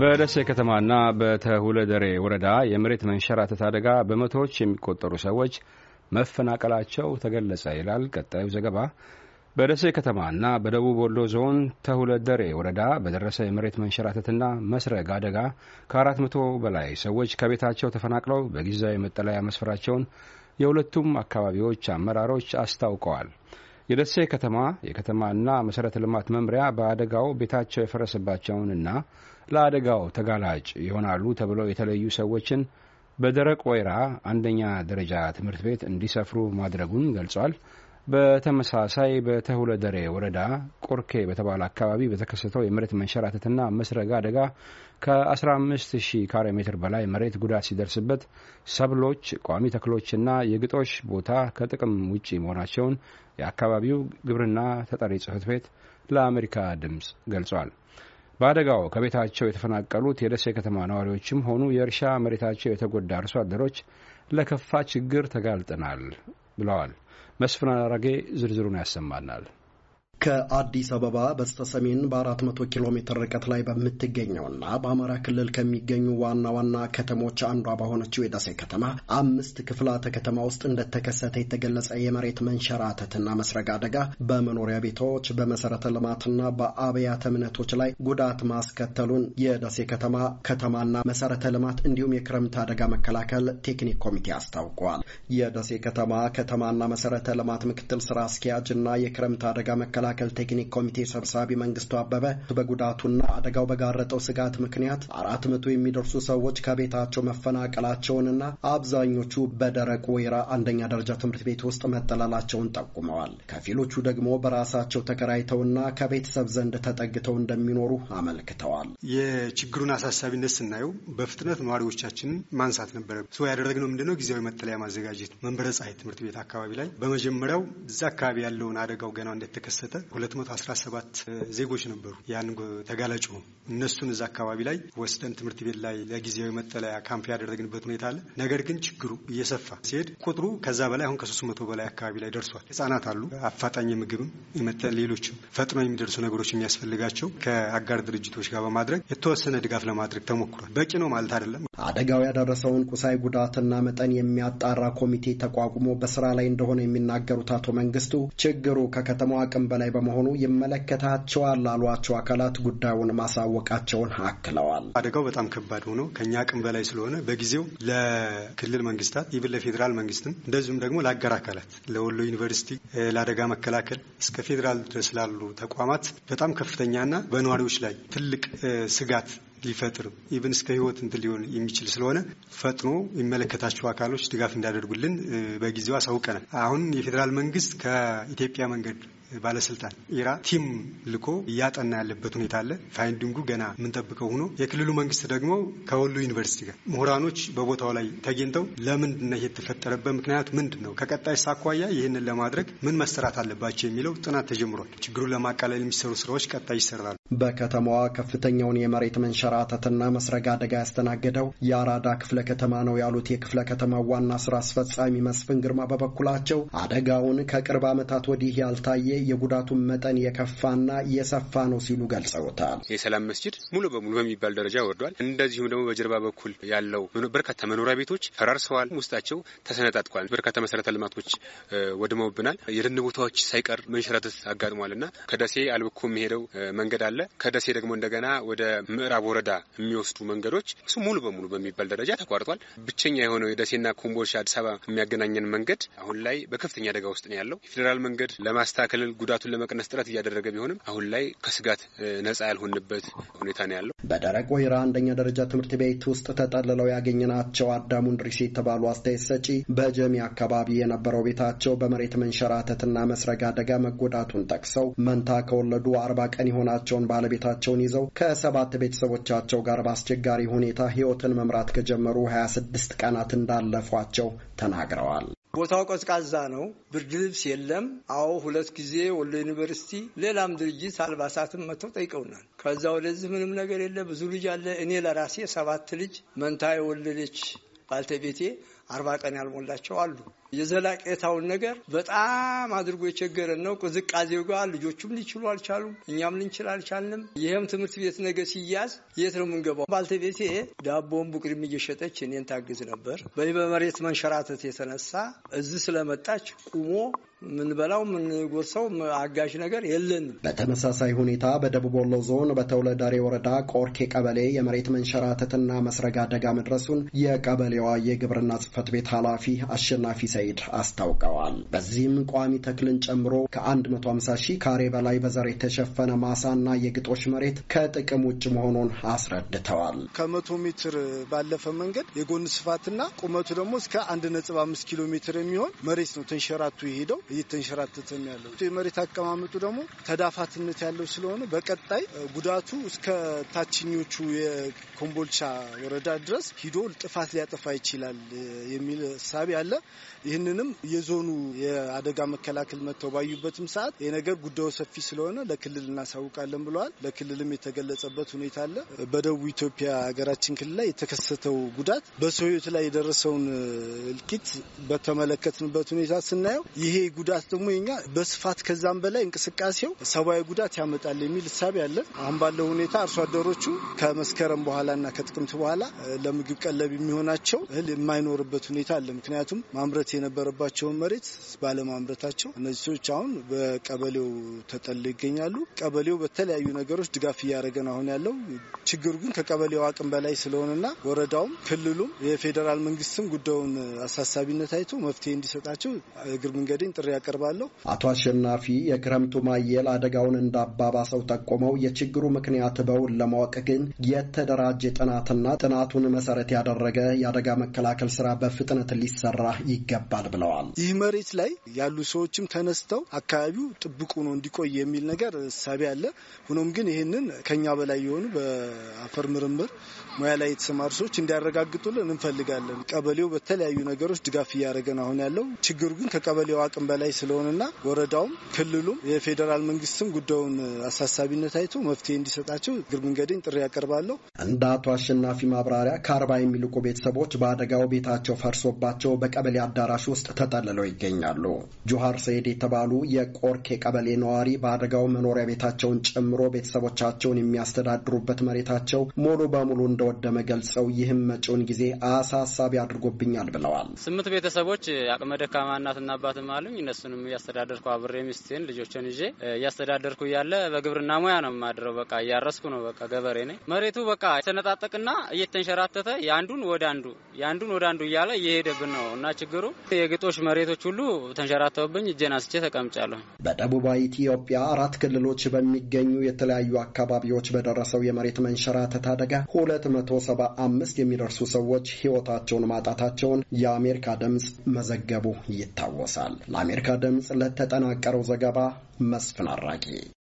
በደሴ ከተማና በተሁለደሬ ወረዳ የመሬት መንሸራተት አደጋ በመቶዎች የሚቆጠሩ ሰዎች መፈናቀላቸው ተገለጸ ይላል ቀጣዩ ዘገባ። በደሴ ከተማና በደቡብ ወሎ ዞን ተሁለደሬ ወረዳ በደረሰ የመሬት መንሸራተትና መስረግ አደጋ ከአራት መቶ በላይ ሰዎች ከቤታቸው ተፈናቅለው በጊዜያዊ መጠለያ መስፈራቸውን የሁለቱም አካባቢዎች አመራሮች አስታውቀዋል። የደሴ ከተማ የከተማና መሠረተ ልማት መምሪያ በአደጋው ቤታቸው የፈረሰባቸውንና ለአደጋው ተጋላጭ ይሆናሉ ተብለው የተለዩ ሰዎችን በደረቅ ወይራ አንደኛ ደረጃ ትምህርት ቤት እንዲሰፍሩ ማድረጉን ገልጿል። በተመሳሳይ በተሁለደሬ ወረዳ ቆርኬ በተባለ አካባቢ በተከሰተው የመሬት መንሸራተትና መስረግ አደጋ ከ15 ሺህ ካሬ ሜትር በላይ መሬት ጉዳት ሲደርስበት ሰብሎች፣ ቋሚ ተክሎችና የግጦሽ ቦታ ከጥቅም ውጪ መሆናቸውን የአካባቢው ግብርና ተጠሪ ጽህፈት ቤት ለአሜሪካ ድምፅ ገልጿል። በአደጋው ከቤታቸው የተፈናቀሉት የደሴ ከተማ ነዋሪዎችም ሆኑ የእርሻ መሬታቸው የተጎዳ አርሶ አደሮች ለከፋ ችግር ተጋልጠናል ብለዋል። መስፍን አራጌ ዝርዝሩን ያሰማናል። ከአዲስ አበባ በስተሰሜን በ400 ኪሎ ሜትር ርቀት ላይ በምትገኘውና በአማራ ክልል ከሚገኙ ዋና ዋና ከተሞች አንዷ በሆነችው የደሴ ከተማ አምስት ክፍላተ ከተማ ውስጥ እንደተከሰተ የተገለጸ የመሬት መንሸራተትና መስረግ አደጋ በመኖሪያ ቤቶች፣ በመሰረተ ልማትና በአብያተ እምነቶች ላይ ጉዳት ማስከተሉን የደሴ ከተማ ከተማና መሰረተ ልማት እንዲሁም የክረምት አደጋ መከላከል ቴክኒክ ኮሚቴ አስታውቋል። የደሴ ከተማ ከተማና መሰረተ ልማት ምክትል ስራ አስኪያጅ እና የክረምት አደጋ መከላከል መከላከል ቴክኒክ ኮሚቴ ሰብሳቢ መንግስቱ አበበ በጉዳቱና አደጋው በጋረጠው ስጋት ምክንያት አራት መቶ የሚደርሱ ሰዎች ከቤታቸው መፈናቀላቸውንና አብዛኞቹ በደረቅ ወይራ አንደኛ ደረጃ ትምህርት ቤት ውስጥ መጠለላቸውን ጠቁመዋል። ከፊሎቹ ደግሞ በራሳቸው ተከራይተውና ከቤተሰብ ዘንድ ተጠግተው እንደሚኖሩ አመልክተዋል። የችግሩን አሳሳቢነት ስናየው በፍጥነት ነዋሪዎቻችን ማንሳት ነበረ። ያደረግነው ምንድነው ጊዜያዊ መጠለያ ማዘጋጀት መንበረ ፀሐይ ትምህርት ቤት አካባቢ ላይ በመጀመሪያው እዛ አካባቢ ያለውን አደጋው ገና እንደተከሰተ 217 ዜጎች ነበሩ ያን ተጋላጭ እነሱን እዛ አካባቢ ላይ ወስደን ትምህርት ቤት ላይ ለጊዜያዊ መጠለያ ካምፕ ያደረግንበት ሁኔታ አለ። ነገር ግን ችግሩ እየሰፋ ሲሄድ ቁጥሩ ከዛ በላይ አሁን ከሶስት መቶ በላይ አካባቢ ላይ ደርሷል። ህጻናት አሉ። አፋጣኝ ምግብም ሌሎችም ፈጥኖ የሚደርሱ ነገሮች የሚያስፈልጋቸው ከአጋር ድርጅቶች ጋር በማድረግ የተወሰነ ድጋፍ ለማድረግ ተሞክሯል። በቂ ነው ማለት አይደለም። አደጋው ያደረሰውን ቁሳይ ጉዳትና መጠን የሚያጣራ ኮሚቴ ተቋቁሞ በስራ ላይ እንደሆነ የሚናገሩት አቶ መንግስቱ ችግሩ ከከተማዋ አቅም በላይ ላይ በመሆኑ ይመለከታቸዋል ላሏቸው አካላት ጉዳዩን ማሳወቃቸውን አክለዋል። አደጋው በጣም ከባድ ሆኖ ከኛ አቅም በላይ ስለሆነ በጊዜው ለክልል መንግስታት ይብን ለፌዴራል መንግስትም እንደዚሁም ደግሞ ለአገር አካላት ለወሎ ዩኒቨርሲቲ ለአደጋ መከላከል እስከ ፌዴራል ድረስ ላሉ ተቋማት በጣም ከፍተኛና በነዋሪዎች ላይ ትልቅ ስጋት ሊፈጥር ኢብን እስከ ህይወት እንትን ሊሆን የሚችል ስለሆነ ፈጥኖ የሚመለከታቸው አካሎች ድጋፍ እንዲያደርጉልን በጊዜው አሳውቀናል። አሁን የፌዴራል መንግስት ከኢትዮጵያ መንገድ ባለስልጣን ኢራ ቲም ልኮ እያጠና ያለበት ሁኔታ አለ። ፋይንዲንጉ ገና የምንጠብቀው ሆኖ የክልሉ መንግስት ደግሞ ከወሎ ዩኒቨርሲቲ ጋር ምሁራኖች በቦታው ላይ ተገኝተው ለምንድን ነው የተፈጠረበት ምክንያት ምንድን ነው፣ ከቀጣይ ሳኳያ ይህንን ለማድረግ ምን መሰራት አለባቸው የሚለው ጥናት ተጀምሯል። ችግሩን ለማቃለል የሚሰሩ ስራዎች ቀጣይ ይሰራሉ። በከተማዋ ከፍተኛውን የመሬት መንሸራተትና መስረግ አደጋ ያስተናገደው የአራዳ ክፍለ ከተማ ነው ያሉት የክፍለ ከተማው ዋና ስራ አስፈጻሚ መስፍን ግርማ በበኩላቸው አደጋውን ከቅርብ ዓመታት ወዲህ ያልታየ የጉዳቱን መጠን የከፋና የሰፋ ነው ሲሉ ገልጸውታል። የሰላም መስጂድ ሙሉ በሙሉ በሚባል ደረጃ ወርዷል። እንደዚሁም ደግሞ በጀርባ በኩል ያለው በርካታ መኖሪያ ቤቶች ፈራርሰዋል፣ ውስጣቸው ተሰነጣጥቋል። በርካታ መሰረተ ልማቶች ወድመውብናል። የደን ቦታዎች ሳይቀር መንሸራተት አጋጥሟልና ከደሴ አልብኮ የሚሄደው መንገድ አለ። ከደሴ ደግሞ እንደገና ወደ ምዕራብ ወረዳ የሚወስዱ መንገዶች እሱ ሙሉ በሙሉ በሚባል ደረጃ ተቋርጧል። ብቸኛ የሆነው የደሴና ኮምቦልቻ አዲስ አበባ የሚያገናኘን መንገድ አሁን ላይ በከፍተኛ አደጋ ውስጥ ነው ያለው። የፌዴራል መንገድ ለማስተካከል ጉዳቱን ለመቀነስ ጥረት እያደረገ ቢሆንም አሁን ላይ ከስጋት ነጻ ያልሆንበት ሁኔታ ነው ያለው። በደረቅ ወይራ አንደኛ ደረጃ ትምህርት ቤት ውስጥ ተጠልለው ያገኘናቸው አዳሙ እንድሪስ የተባሉ አስተያየት ሰጪ በጀሚ አካባቢ የነበረው ቤታቸው በመሬት መንሸራተትና መስረግ አደጋ መጎዳቱን ጠቅሰው መንታ ከወለዱ አርባ ቀን የሆናቸውን ባለቤታቸውን ይዘው ከሰባት ቤተሰቦቻቸው ጋር በአስቸጋሪ ሁኔታ ህይወትን መምራት ከጀመሩ ሀያ ስድስት ቀናት እንዳለፏቸው ተናግረዋል። ቦታው ቀዝቃዛ ነው። ብርድ ልብስ የለም። አዎ ሁለት ጊዜ ወሎ ዩኒቨርሲቲ፣ ሌላም ድርጅት አልባሳትም መጥተው ጠይቀውናል። ከዛ ወደዚህ ምንም ነገር የለ። ብዙ ልጅ አለ። እኔ ለራሴ ሰባት ልጅ መንታ የወለደች ባልተቤቴ አርባ ቀን ያልሞላቸው አሉ። የዘላቄታውን ነገር በጣም አድርጎ የቸገረን ነው። ቅዝቃዜው ጋር ልጆቹም ሊችሉ አልቻሉም፣ እኛም ልንችል አልቻልንም። ይህም ትምህርት ቤት ነገር ሲያዝ የት ነው የምንገባው? ባልተቤቴ ዳቦን ቡቅድም እየሸጠች እኔን ታግዝ ነበር። በዚህ በመሬት መንሸራተት የተነሳ እዚህ ስለመጣች ቁሞ ምንበላው ምንጎርሰው አጋዥ ነገር የለንም። በተመሳሳይ ሁኔታ በደቡብ ወሎ ዞን በተውለዳሬ ወረዳ ቆርኬ ቀበሌ የመሬት መንሸራተትና መስረግ አደጋ መድረሱን የቀበሌዋ የግብርና ጽህፈት ቤት ኃላፊ አሸናፊ እንደሚካሄድ አስታውቀዋል። በዚህም ቋሚ ተክልን ጨምሮ ከ150 ሺህ ካሬ በላይ በዘር የተሸፈነ ማሳና የግጦሽ መሬት ከጥቅም ውጭ መሆኑን አስረድተዋል። ከመቶ ሜትር ባለፈ መንገድ የጎን ስፋትና ቁመቱ ደግሞ እስከ 1.5 ኪሎ ሜትር የሚሆን መሬት ነው ተንሸራቱ የሄደው እየተንሸራተተም ያለው የመሬት አቀማመጡ ደግሞ ተዳፋትነት ያለው ስለሆነ በቀጣይ ጉዳቱ እስከ ታችኞቹ የኮምቦልቻ ወረዳ ድረስ ሂዶ ጥፋት ሊያጠፋ ይችላል የሚል ሳቢ አለ። ይህንንም የዞኑ የአደጋ መከላከል መጥተው ባዩበትም ሰዓት ይህ ነገር ጉዳዩ ሰፊ ስለሆነ ለክልል እናሳውቃለን ብለዋል። ለክልልም የተገለጸበት ሁኔታ አለ። በደቡብ ኢትዮጵያ ሀገራችን ክልል ላይ የተከሰተው ጉዳት በሰው ሕይወት ላይ የደረሰውን እልቂት በተመለከትንበት ሁኔታ ስናየው ይሄ ጉዳት ደግሞ ኛ በስፋት ከዛም በላይ እንቅስቃሴው ሰብአዊ ጉዳት ያመጣል የሚል እሳቤ አለን። አሁን ባለው ሁኔታ አርሶ አደሮቹ ከመስከረም በኋላና ከጥቅምት በኋላ ለምግብ ቀለብ የሚሆናቸው እህል የማይኖርበት ሁኔታ አለ። ምክንያቱም ማምረት የነበረባቸውን መሬት ባለማምረታቸው እነዚህ ሰዎች አሁን በቀበሌው ተጠለው ይገኛሉ። ቀበሌው በተለያዩ ነገሮች ድጋፍ እያደረገን አሁን ያለው ችግሩ ግን ከቀበሌው አቅም በላይ ስለሆነና ወረዳውም ክልሉም የፌዴራል መንግስትም ጉዳዩን አሳሳቢነት አይቶ መፍትሄ እንዲሰጣቸው እግር መንገዴን ጥሪ ያቀርባለሁ። አቶ አሸናፊ የክረምቱ ማየል አደጋውን እንዳባባሰው ጠቁመው የችግሩ ምክንያት በውን ለማወቅ ግን የተደራጀ ጥናትና ጥናቱን መሰረት ያደረገ የአደጋ መከላከል ስራ በፍጥነት ሊሰራ ይገባል ይገባል ብለዋል። ይህ መሬት ላይ ያሉ ሰዎችም ተነስተው አካባቢው ጥብቅ ሆኖ እንዲቆይ የሚል ነገር እሳቤ አለ። ሆኖም ግን ይህንን ከኛ በላይ የሆኑ በአፈር ምርምር ሙያ ላይ የተሰማሩ ሰዎች እንዲያረጋግጡልን እንፈልጋለን። ቀበሌው በተለያዩ ነገሮች ድጋፍ እያደረገን አሁን ያለው ችግሩ ግን ከቀበሌው አቅም በላይ ስለሆነና ወረዳውም ክልሉም የፌዴራል መንግስትም ጉዳዩን አሳሳቢነት አይቶ መፍትሄ እንዲሰጣቸው እግር መንገድኝ ጥሪ ያቀርባለሁ። እንደ አቶ አሸናፊ ማብራሪያ ከአርባ የሚልቁ ቤተሰቦች በአደጋው ቤታቸው ፈርሶባቸው በቀበሌ አዳራ አዳራሽ ውስጥ ተጠልለው ይገኛሉ። ጆሃር ሰይድ የተባሉ የቆርኬ ቀበሌ ነዋሪ በአደጋው መኖሪያ ቤታቸውን ጨምሮ ቤተሰቦቻቸውን የሚያስተዳድሩበት መሬታቸው ሙሉ በሙሉ እንደወደመ ገልጸው ይህም መጪውን ጊዜ አሳሳቢ አድርጎብኛል ብለዋል። ስምንት ቤተሰቦች አቅመ ደካማ እናትና አባትም አሉኝ። እነሱንም እያስተዳደርኩ አብሬ ሚስቴን ልጆችን ይዤ እያስተዳደርኩ እያለ በግብርና ሙያ ነው የማድረው። በቃ እያረስኩ ነው። በቃ ገበሬ ነኝ። መሬቱ በቃ የተነጣጠቅና እየተንሸራተተ የአንዱን ወደ አንዱ የአንዱን ወደ አንዱ እያለ እየሄደብን ነው እና ችግሩ የግጦሽ መሬቶች ሁሉ ተንሸራተውብኝ እጄን አስቼ ተቀምጫለሁ። በደቡባዊ ኢትዮጵያ አራት ክልሎች በሚገኙ የተለያዩ አካባቢዎች በደረሰው የመሬት መንሸራተት አደጋ ሁለት መቶ ሰባ አምስት የሚደርሱ ሰዎች ህይወታቸውን ማጣታቸውን የአሜሪካ ድምፅ መዘገቡ ይታወሳል። ለአሜሪካ ድምፅ ለተጠናቀረው ዘገባ መስፍን አራቂ